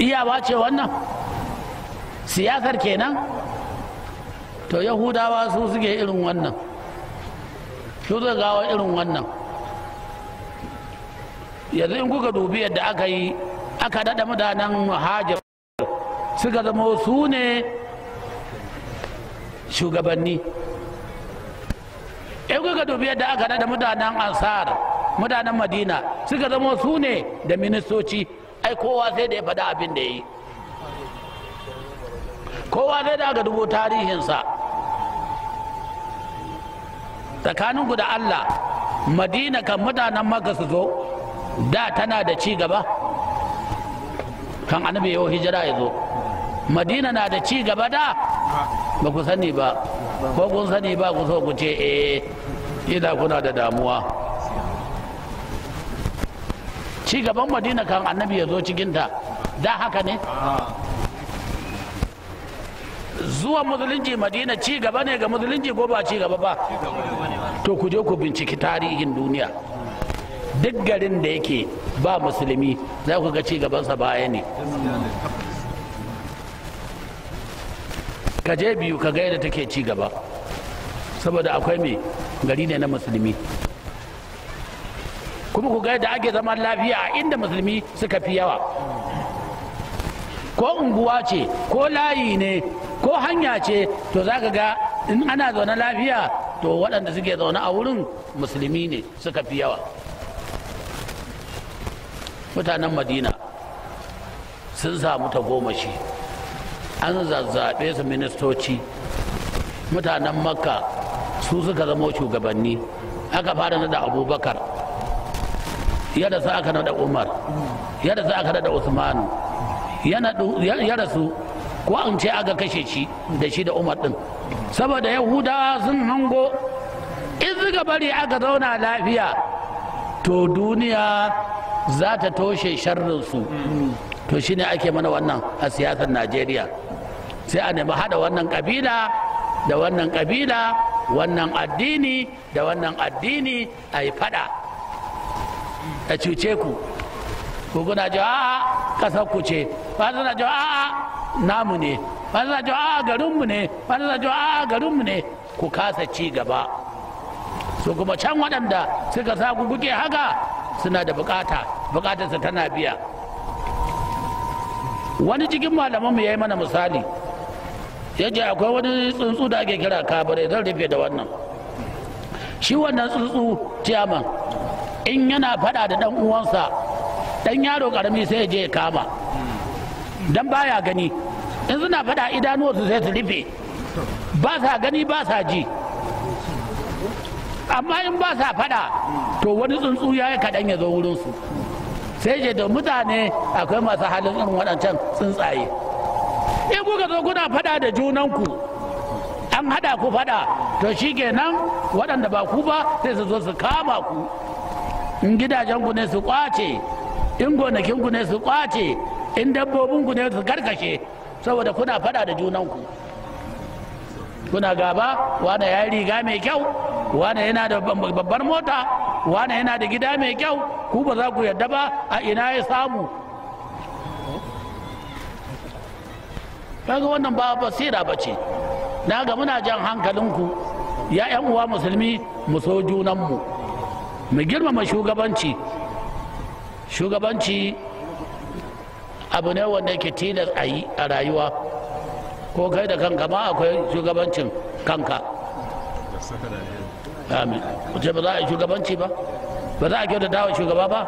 iyawa ce wannan siyasar kenan to yahudawa su suke irin wannan su zai gawa irin wannan yanzu in kuka dubi yadda aka yi aka daɗa mutanen hajjar suka zama su ne shugabanni in kuka dubi yadda aka daɗa mutanen ansar mutanen madina suka zama su ne da ministoci ai kowa sai da ya faɗi abin da ya yi kowa sai da ga dubo tarihinsa tsakaninku da allah madina kan mutanen maka su zo da tana da ci gaba kan annabi yau hijira ya zo madina na da ci gaba da ba ku sani ba ko kun sani ba ku so ku ce eh ina kuna da damuwa ci gaban madina kan annabi ya zo cikinta da haka ne zuwa musulunci madina ci gaba ne ga musulunci ko ba ci gaba ba to ku je ku binciki tarihin duniya duk garin da yake ba musulmi za ku ga ci gabansa baya ne ka biyu ka ga yadda take ci gaba saboda akwai mai gari ne na musulmi kuma ku ga yadda ake zaman lafiya a inda musulmi suka fi yawa ko unguwa ce ko layi ne ko hanya ce to za ka ga in ana zaune lafiya to waɗanda suke zaune a wurin musulmi ne suka fi yawa mutanen madina sun samu ta tagomashi an zazzaɓe su ministoci mutanen makka su suka zama shugabanni aka fara nada abubakar ya rasu aka naɗa umar ya rasu aka naɗa usmanu ya rasu ko an ce aka kashe shi da shi da umar din saboda yahudawa sun hango in suka bari aka zauna lafiya to duniya za ta toshe sharrinsu to shine ake mana wannan a siyasar najeriya sai a nemi haɗa wannan kabila da wannan kabila wannan addini da wannan addini a yi faɗa a cuce ku ku kuna ji a'a kasar ku ce ba za ji a'a namu ne ba suna ji a'a garinmu ne ba suna ji a'a garinmu ne ku kasa ci gaba su kuma can waɗanda suka sa ku kuke haka suna da bukata su tana biya wani cikin malamanmu ya yi mana misali ya ji akwai wani tsuntsu da ake kira kabare zan rufe da wannan shi wannan tsuntsu ciyaman in yana fada da dan uwansa dan yaro karami sai ya je ya kama dan baya gani in suna fada idanuwarsu sai su rufe ba sa gani ba sa ji amma in ba sa fada to wani tsuntsu ya yi kaɗan ya zo wurinsu sai je da mutane akwai masu halin irin waɗancan tsuntsaye in kuka zo kuna fada da junanku an hada ku fada to shi kenan waɗanda ba ku ba sai su zo su kama ku in gidajenku ne su kwace in gonakinku ne su kwace in dabbobinku ne su karkashe saboda kuna fada da junanku kuna gaba wane ya yi riga mai kyau wane yana da babbar mota wane yana da gida mai kyau ku ba za ku yadda ba a ina ya samu kaga wannan ba basira ba ce na ga muna jan hankalinku ya 'yan uwa musulmi mu so junanmu mu girmama shugabanci shugabanci abu ne wanda yake tilas a yi a rayuwa ko kai da kanka ma akwai shugabancin kanka amin wace ba za a yi shugabanci ba ba za a kyauta dawa shugaba ba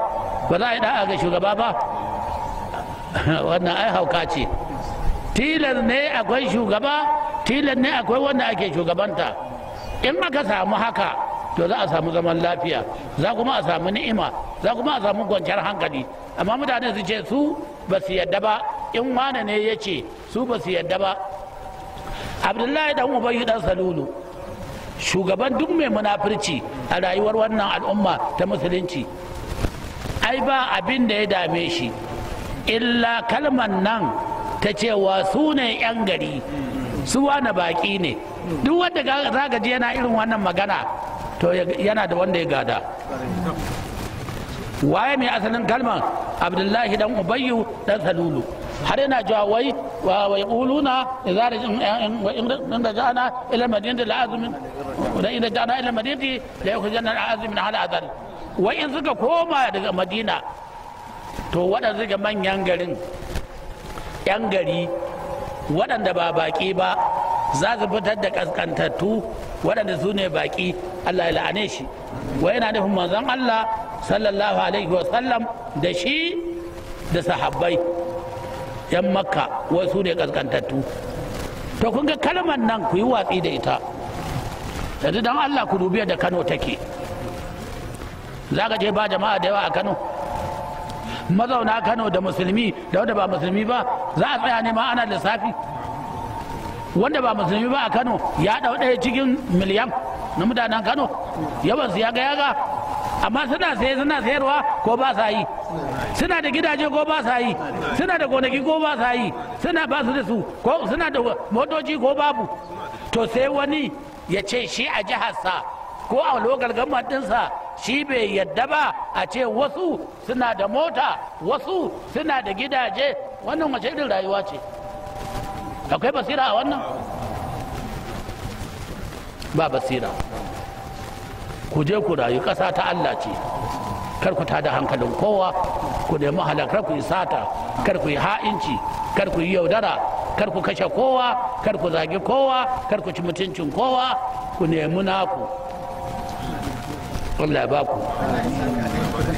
ba za a yi da'a ga shugaba ba wannan ai hauka ce tilar ne akwai shugaba tilar ne akwai wanda ake shugabanta in aka samu haka to za a samu zaman lafiya za kuma a samu ni'ima za kuma a samu kwanciyar hankali amma mutane su ce su ba su yadda ba in wane ne ya ce su ba su yadda ba abdullahi dan ubayi dan salulu shugaban duk mai munafurci a rayuwar wannan al'umma ta musulunci ai ba abin da ya dame shi illa kalman nan ta cewa su ne 'yan gari su wane baki ne duk wanda za ji yana irin wannan magana to yana da wanda ya gada waye mai asalin kalmar abdullahi dan ubayyu dan salulu har yana jawa wai wa yaquluna idza rajana jana ila madinati la jana ila madinati la al wai in suka koma daga madina to waɗanda suka manyan garin yan gari wadanda ba baki ba za su fitar da ƙasƙantattu waɗanda su ne baƙi Allah ya la'ane shi wa yana nufin manzon Allah sallallahu alaihi wa sallam da shi da sahabbai yan makka wai su ne kaskantattu to kun ga kalmar nan ku yi watsi da ita yanzu don Allah ku dubi da Kano take za ka je ba jama'a da yawa a Kano mazauna Kano da musulmi da wanda ba musulmi ba za a tsaya ne ma ana lissafi wanda ba musulmi ba a kano ya dau ɗaya cikin miliyan na mutanen kano su ya ga yaga amma suna saye suna sayarwa ko ba sa yi suna da gidaje ko ba sa yi suna da gonaki ko ba sa yi suna ba su da su ko suna da motoci ko babu to sai wani ya ce shi a jiharsa ko a lokal government ɗinsa shi bai yadda ba a ce wasu suna da mota wasu suna da gidaje wannan wace irin rayuwa ce akwai basira a wannan ba basira ku je ku rayu ƙasa ta Allah ce kar ku tada hankalin kowa ku nemi halakar ku yi sata kar ku yi ha'inci kar ku yi yaudara kar ku kashe kowa kar ku zagi kowa kar ku ci mutuncin kowa ku nemi naku Allah ya baku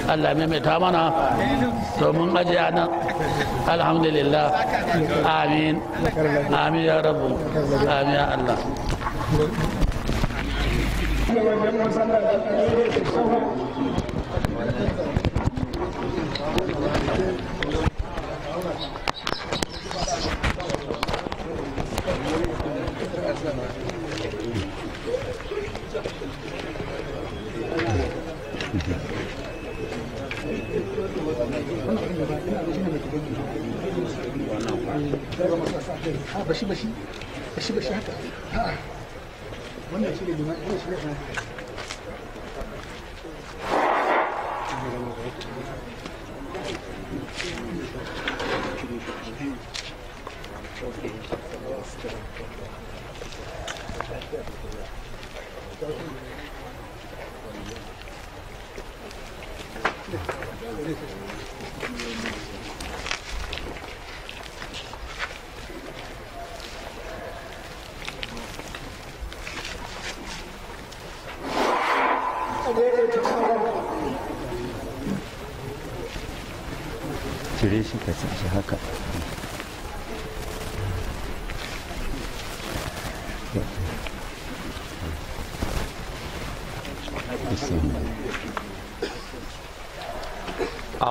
Allah maimaita mana domin ajiye nan alhamdulillah amin amin ya rabu amin ya Allah Thank you.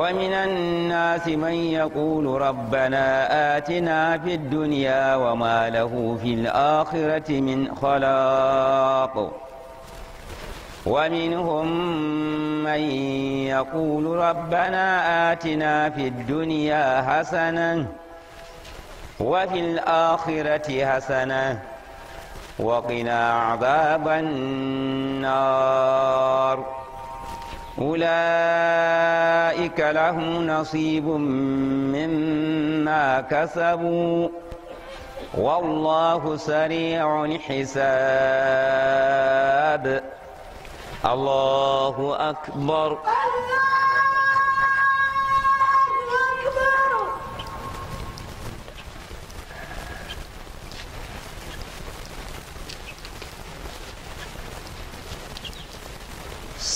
ومن الناس من يقول ربنا آتنا في الدنيا وما له في الآخرة من خلاق ومنهم من يقول ربنا آتنا في الدنيا حسنة وفي الآخرة حسنة وقنا عذاب النار أولئك لهم نصيب مما كسبوا والله سريع الحساب الله أكبر الله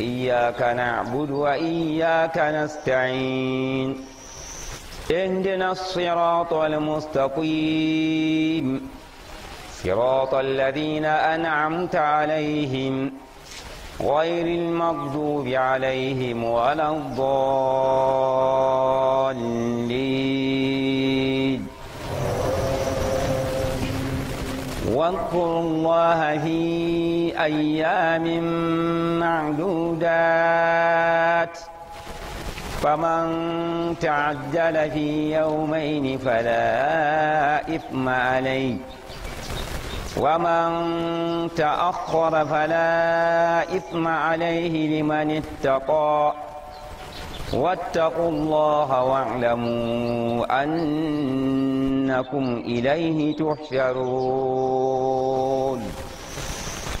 إياك نعبد وإياك نستعين اهدنا الصراط المستقيم صراط الذين أنعمت عليهم غير المغضوب عليهم ولا الضالين واذكروا الله فيه أيام معدودات فمن تعجل في يومين فلا إثم عليه ومن تأخر فلا إثم عليه لمن اتقى واتقوا الله واعلموا أنكم إليه تحشرون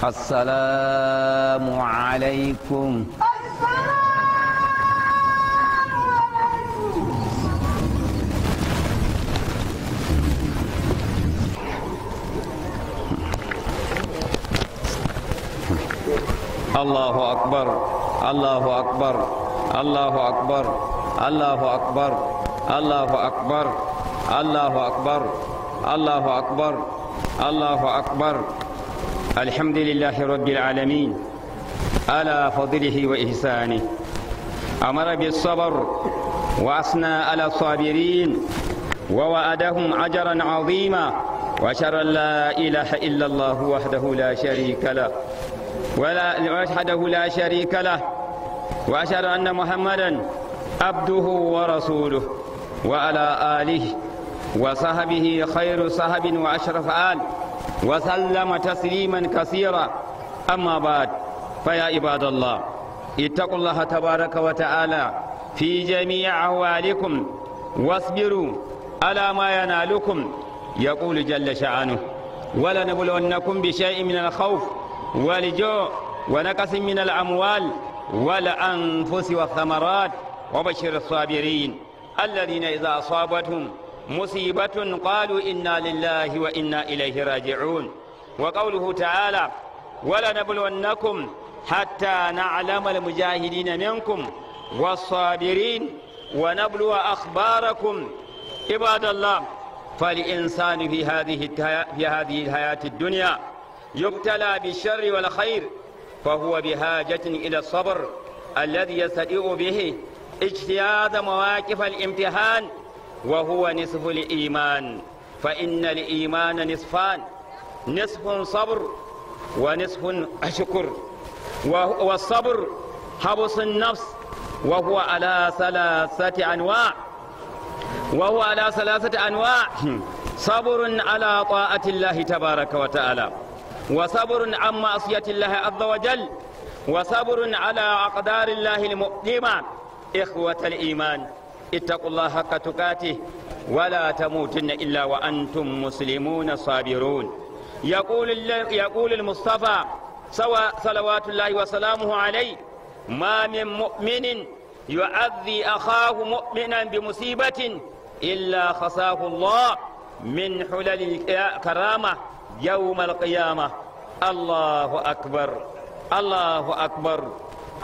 السلام عليكم الله أكبر الله أكبر الله أكبر الله أكبر الله أكبر الله أكبر الله أكبر الله أكبر الحمد لله رب العالمين على فضله وإحسانه أمر بالصبر وأثنى على الصابرين ووعدهم أجرا عظيما وأشهد أن لا إله إلا الله وحده لا شريك له ولا وحده لا شريك له وأشهد أن محمدا عبده ورسوله وعلى آله وصحبه خير صحب وأشرف آل وسلم تسليما كثيرا أما بعد فيا عباد الله اتقوا الله تبارك وتعالى في جميع أحوالكم واصبروا على ما ينالكم يقول جل شأنه ولنبلونكم بشيء من الخوف والجوع ونقص من الأموال والأنفس والثمرات وبشر الصابرين الذين إذا أصابتهم مصيبة قالوا إنا لله وإنا إليه راجعون وقوله تعالى ولنبلونكم حتى نعلم المجاهدين منكم والصابرين ونبلو أخباركم عباد الله فالإنسان في هذه في هذه الحياة الدنيا يبتلى بالشر والخير فهو بحاجة إلى الصبر الذي يستطيع به اجتياز مواقف الامتحان وهو نصف الإيمان فإن الإيمان نصفان نصف صبر ونصف شكر والصبر حبس النفس وهو على ثلاثة أنواع وهو على ثلاثة أنواع صبر على طاعة الله تبارك وتعالى وصبر عن معصية الله عز وجل وصبر على أقدار الله المؤلمة إخوة الإيمان اتقوا الله حق تقاته ولا تموتن إلا وأنتم مسلمون صابرون يقول, يقول المصطفى سواء صلوات الله وسلامه عليه ما من مؤمن يعذي أخاه مؤمنا بمصيبة إلا خصاه الله من حلل الكرامة يوم القيامة الله أكبر الله أكبر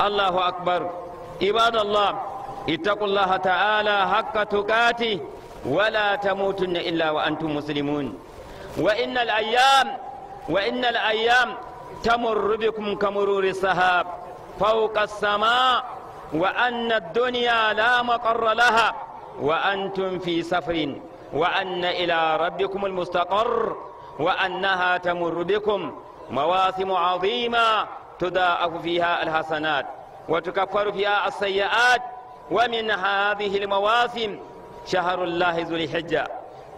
الله أكبر عباد الله اتقوا الله تعالى حق تقاته ولا تموتن إلا وأنتم مسلمون وإن الأيام وإن الأيام تمر بكم كمرور السحاب فوق السماء وأن الدنيا لا مقر لها وأنتم في سفر وأن إلى ربكم المستقر وأنها تمر بكم مواسم عظيمة تضاعف فيها الحسنات وتكفر فيها السيئات ومن هذه المواسم شهر الله ذو الحجة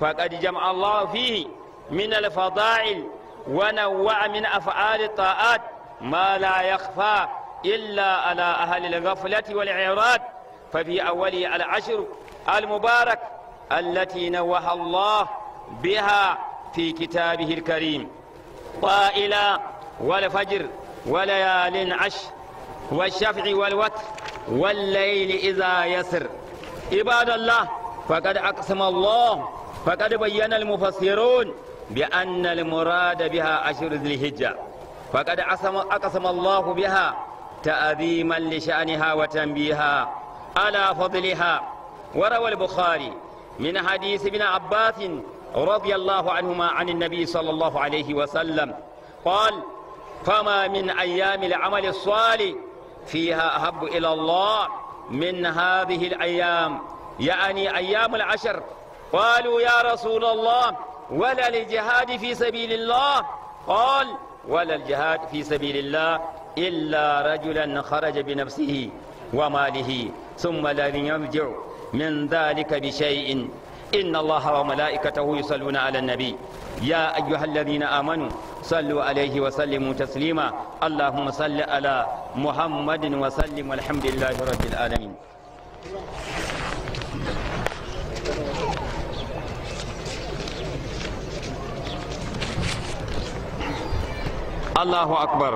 فقد جمع الله فيه من الفضائل ونوع من أفعال الطاعات ما لا يخفى إلا على أهل الغفلة والعراض ففي أول العشر المبارك التي نوه الله بها في كتابه الكريم طائلا والفجر وليال عشر والشفع والوتر والليل إذا يسر عباد الله فقد أقسم الله فقد بين المفسرون بأن المراد بها أشهر ذي الهجة فقد أقسم الله بها تأذيما لشأنها وتنبيها على فضلها وروى البخاري من حديث ابن عباس رضي الله عنهما عن النبي صلى الله عليه وسلم قال فما من أيام العمل الصالح فيها أحب إلى الله من هذه الأيام يعني أيام العشر قالوا يا رسول الله ولا للجهاد في سبيل الله قال ولا الجهاد في سبيل الله إلا رجلا خرج بنفسه وماله ثم لا يرجع من ذلك بشيء إن الله وملائكته يصلون على النبي يا أيها الذين آمنوا صلوا عليه وسلموا تسليما اللهم صل على محمد وسلم والحمد لله رب العالمين الله أكبر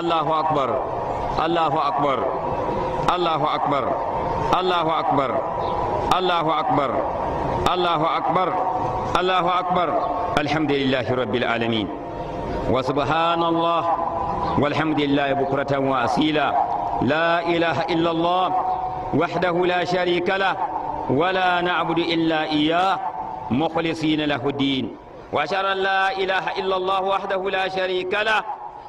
الله أكبر الله أكبر الله أكبر الله أكبر الله أكبر, الله أكبر. الله أكبر الله أكبر الحمد لله رب العالمين وسبحان الله والحمد لله بكرة وأصيلا لا إله إلا الله وحده لا شريك له ولا نعبد إلا إياه مخلصين له الدين وأشهد أن لا إله إلا الله وحده لا شريك له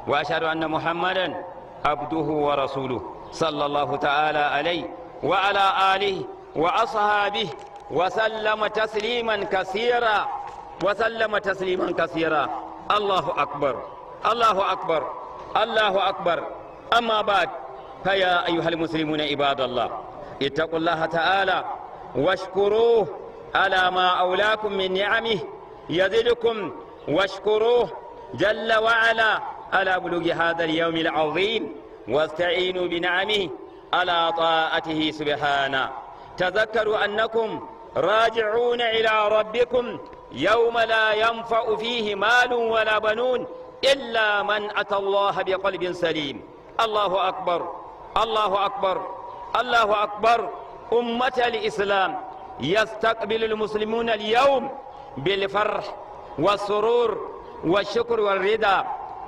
وأشهد أن محمدا عبده ورسوله صلى الله تعالى عليه وعلى آله وأصحابه وسلم تسليما كثيرا وسلم تسليما كثيرا الله أكبر الله أكبر الله أكبر أما بعد فيا أيها المسلمون عباد الله اتقوا الله تعالى واشكروه على ما أولاكم من نعمه يزدكم واشكروه جل وعلا على بلوغ هذا اليوم العظيم واستعينوا بنعمه على طاعته سبحانه تذكروا أنكم راجعون إلى ربكم يوم لا ينفع فيه مال ولا بنون إلا من أتى الله بقلب سليم الله أكبر الله أكبر الله أكبر أمة الإسلام يستقبل المسلمون اليوم بالفرح والسرور والشكر والرضا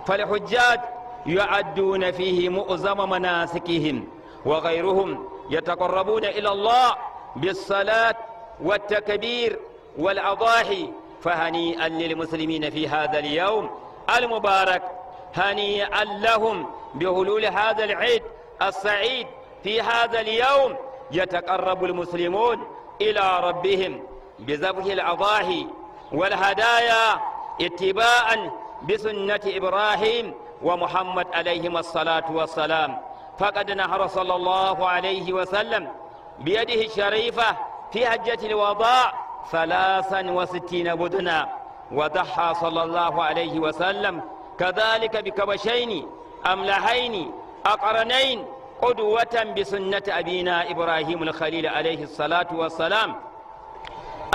فالحجاج يعدون فيه مؤزم مناسكهم وغيرهم يتقربون إلى الله بالصلاة والتكبير والأضاحي فهنيئا للمسلمين في هذا اليوم المبارك هنيئا لهم بهلول هذا العيد السعيد في هذا اليوم يتقرب المسلمون إلى ربهم بذبح الأضاحي والهدايا اتباعا بسنة إبراهيم ومحمد عليهما الصلاة والسلام فقد نهر صلى الله عليه وسلم بيده الشريفة في حجة الوضاء ثلاثا وستين بدنا وضحى صلى الله عليه وسلم كذلك بكبشين أملحين أقرنين قدوة بسنة أبينا إبراهيم الخليل عليه الصلاة والسلام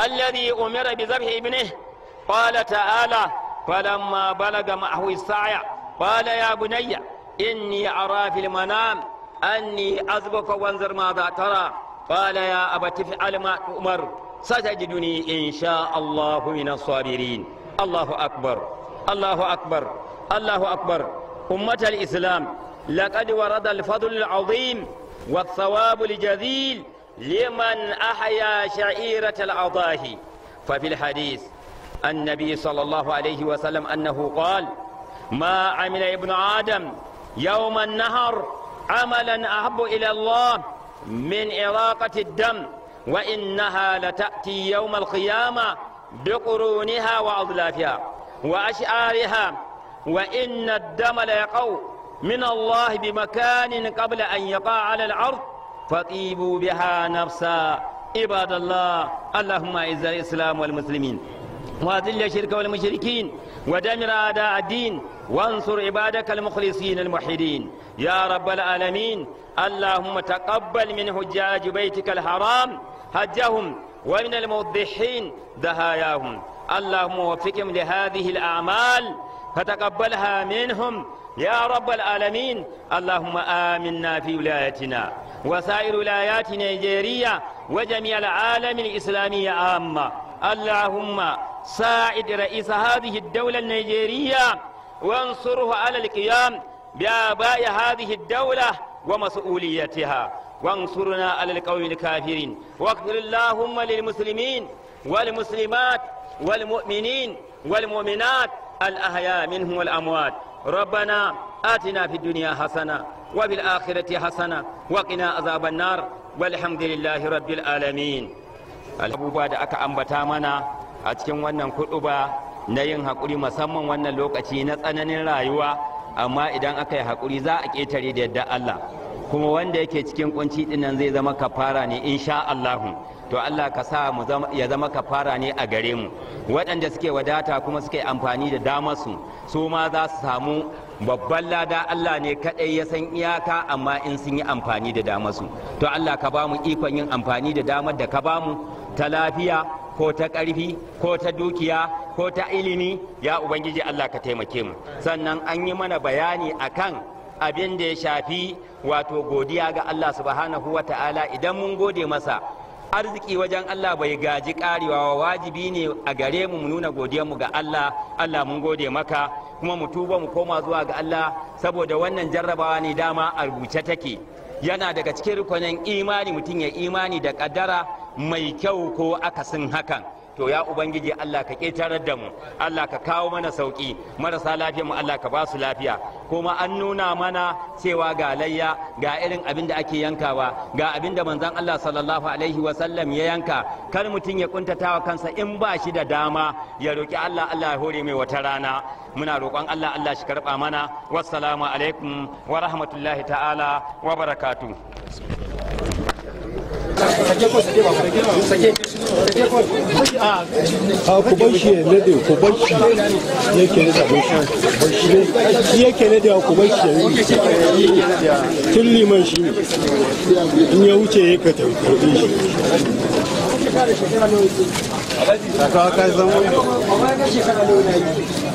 الذي أمر بذبح ابنه قال تعالى فلما بلغ معه السعي قال يا بني إني أرى في المنام أني أذبح وانظر ماذا ترى قال يا أبت افعل ما تؤمر ستجدني إن شاء الله من الصابرين الله أكبر الله أكبر الله أكبر أمة الإسلام لقد ورد الفضل العظيم والثواب الجزيل لمن أحيا شعيرة الأضاحي ففي الحديث النبي صلى الله عليه وسلم أنه قال ما عمل ابن آدم يوم النهر عملا أحب إلى الله من إراقة الدم وإنها لتأتي يوم القيامة بقرونها وأضلافها وأشعارها وإن الدم ليقو من الله بمكان قبل أن يقع على الأرض فطيبوا بها نفسا عباد الله اللهم أعز الإسلام والمسلمين وأذل الشرك والمشركين ودمر أعداء الدين وانصر عبادك المخلصين الموحدين يا رب العالمين اللهم تقبل من حجاج بيتك الحرام حجهم ومن الموضحين دهاياهم اللهم وفقهم لهذه الأعمال فتقبلها منهم يا رب العالمين اللهم آمنا في ولايتنا وسائر ولايات نيجيريا وجميع العالم الإسلامي عامة اللهم ساعد رئيس هذه الدولة النيجيرية وانصره على القيام بآباء هذه الدولة ومسؤوليتها وانصرنا على القوم الكافرين واغفر اللهم للمسلمين والمسلمات والمؤمنين والمؤمنات الأحياء منهم والأموات ربنا آتنا في الدنيا حسنة وفي الآخرة حسنة وقنا عذاب النار والحمد لله رب العالمين abubuwa da aka ambata mana a cikin wannan kuɗuba na yin haƙuri musamman wannan lokaci na tsananin rayuwa amma idan aka yi haƙuri za a ƙetare da yadda Allah kuma wanda yake cikin kunci dinnan zai zama kafara ne insha Allahu to Allah ka sa mu ya zama kafara ne a gare mu waɗanda suke wadata kuma suke amfani da damar su su ma za su samu babban lada Allah ne kaɗai ya san iyaka amma in sun yi amfani da damar to Allah ka ba mu ikon yin amfani da damar da ka ba mu ta lafiya ko ta ƙarfi ko ta dukiya ko ta ilimi ya ubangiji Allah ka taimake mu sannan an yi mana bayani akan abin da ya shafi wato godiya ga Allah subhanahu wa ta'ala idan mun gode masa arziki wajen Allah bai gaji karewa wajibi ne a gare mu mu nuna mu ga Allah Allah mun gode maka kuma mu tuba mu koma zuwa ga Allah saboda wannan jarrabawa ne dama a rubuce take yana daga cikin rukunin imani mutum ya imani da kaddara mai kyau ko akasin hakan to ya ubangiji Allah ka ƙetarar da mu Allah ka kawo mana sauki marasa lafiya mu Allah ka ba su lafiya kuma an nuna mana cewa ga layya ga irin abin da ake yankawa ga abin da manzon Allah sallallahu alaihi wa sallam ya yanka kar mutum ya kuntatawa kansa in ba shi da dama ya roki Allah Allah ya hore mai wata rana muna roƙon Allah Allah shi karɓa mana wassalamu alaikum wa rahmatullahi ta'ala wa barakatuh a ko bar shi ne nade ko bar shi yake nade abin shi shi yake shi ya tun liman shi in ya wuce ya ka tarbi shi ka kai zama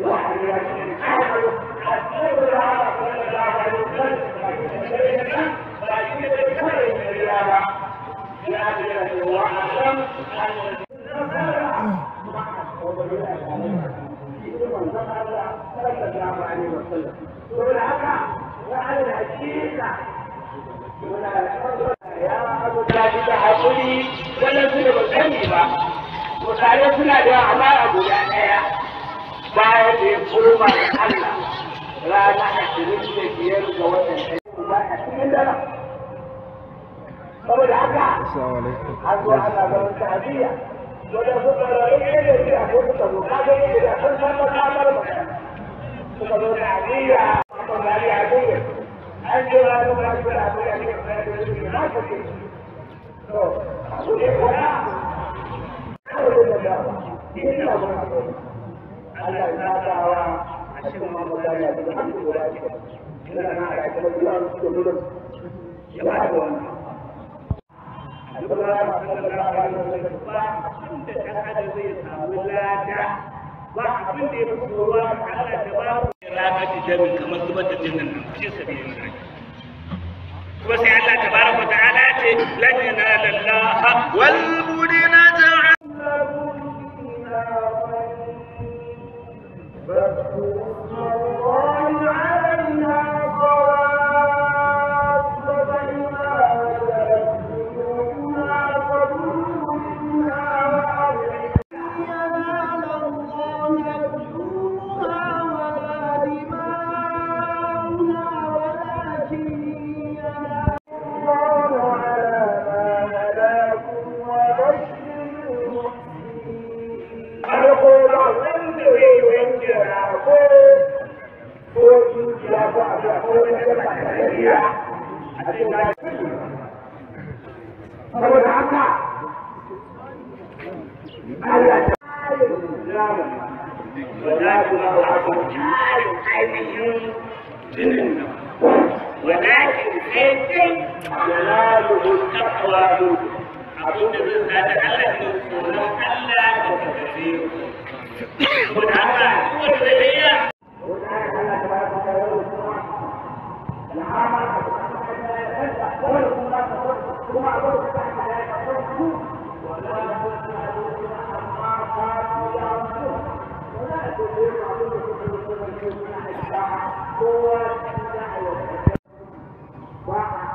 Yeah. shiga wannan aiki ba a cikin dana saboda haka an zo ana zaman da suka da da da shi da ya da kamar zubar da jinnan nan shi sabi ne kuma sai Allah tabaraka ta'ala ce lan yanalallaha wal budina ta'ala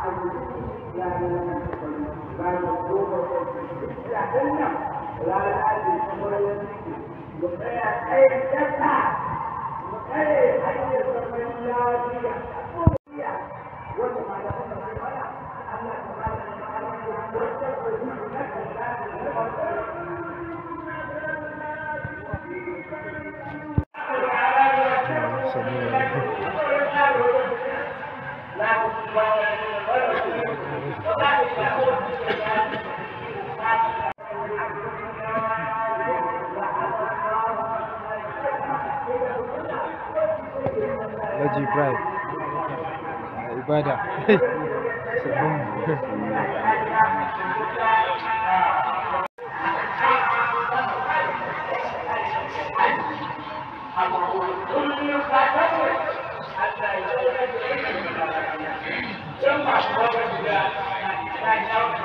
لكنه لا يعلم ولا يدرك وكيف كيف يفعل وكيف يحير بالملاذيه Thank you. drive ibada Thank you.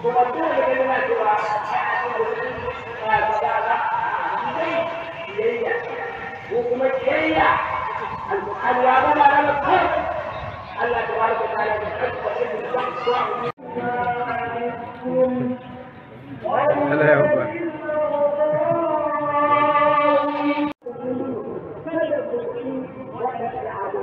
Kuma dole ne muna cewa a cikin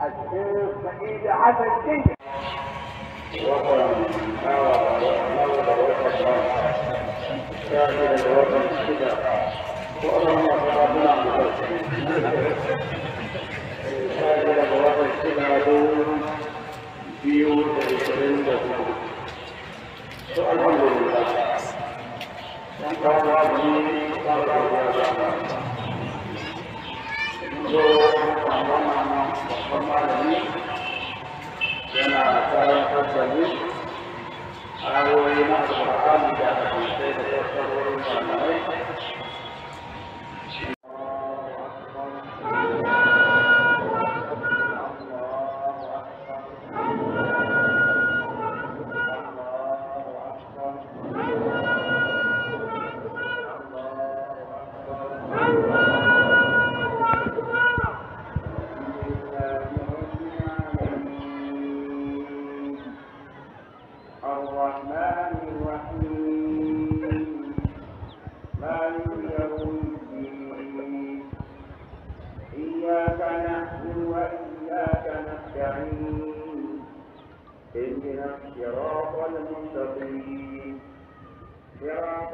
الشيخ سعيد عبدي وهو من مولى وطن كامل الوطن كده وأمام ربنا كامل الوطن كده دون بيوت الكريمة الحمد لله. zo amma babban malami yana karantar da mu ayoyi na di da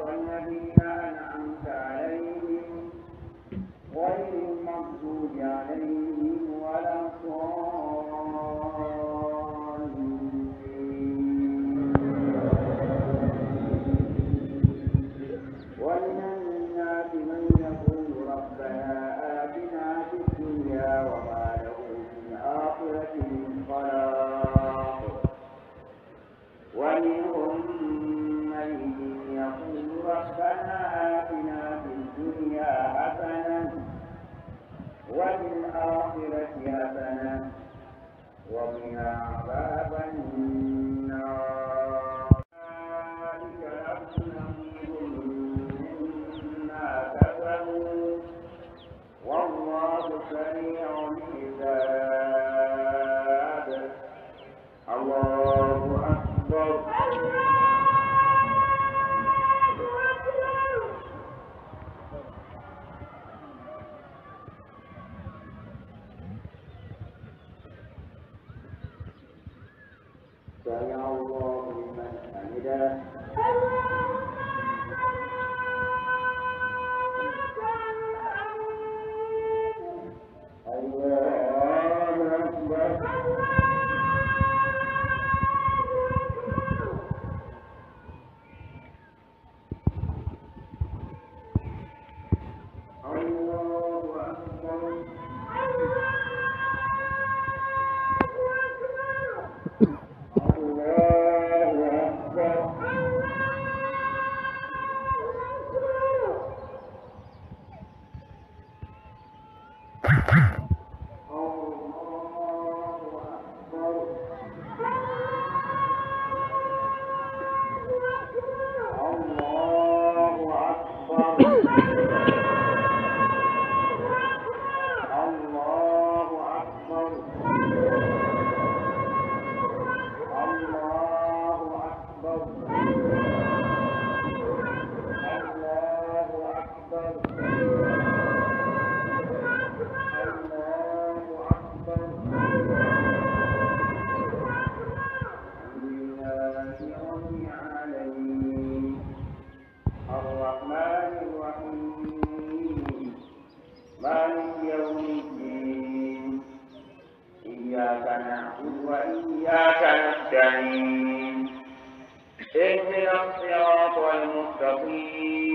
والناس Vamos lá. Amen.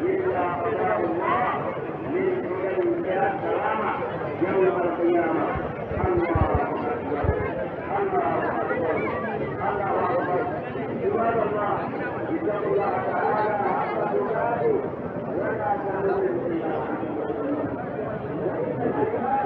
إلا قدر الله من قدر السلامة يوم القيامة الله أكبر الله أكبر الله أكبر عباد الله اتقوا الله تعالى حق تقاته ولا تموتن إلا وإن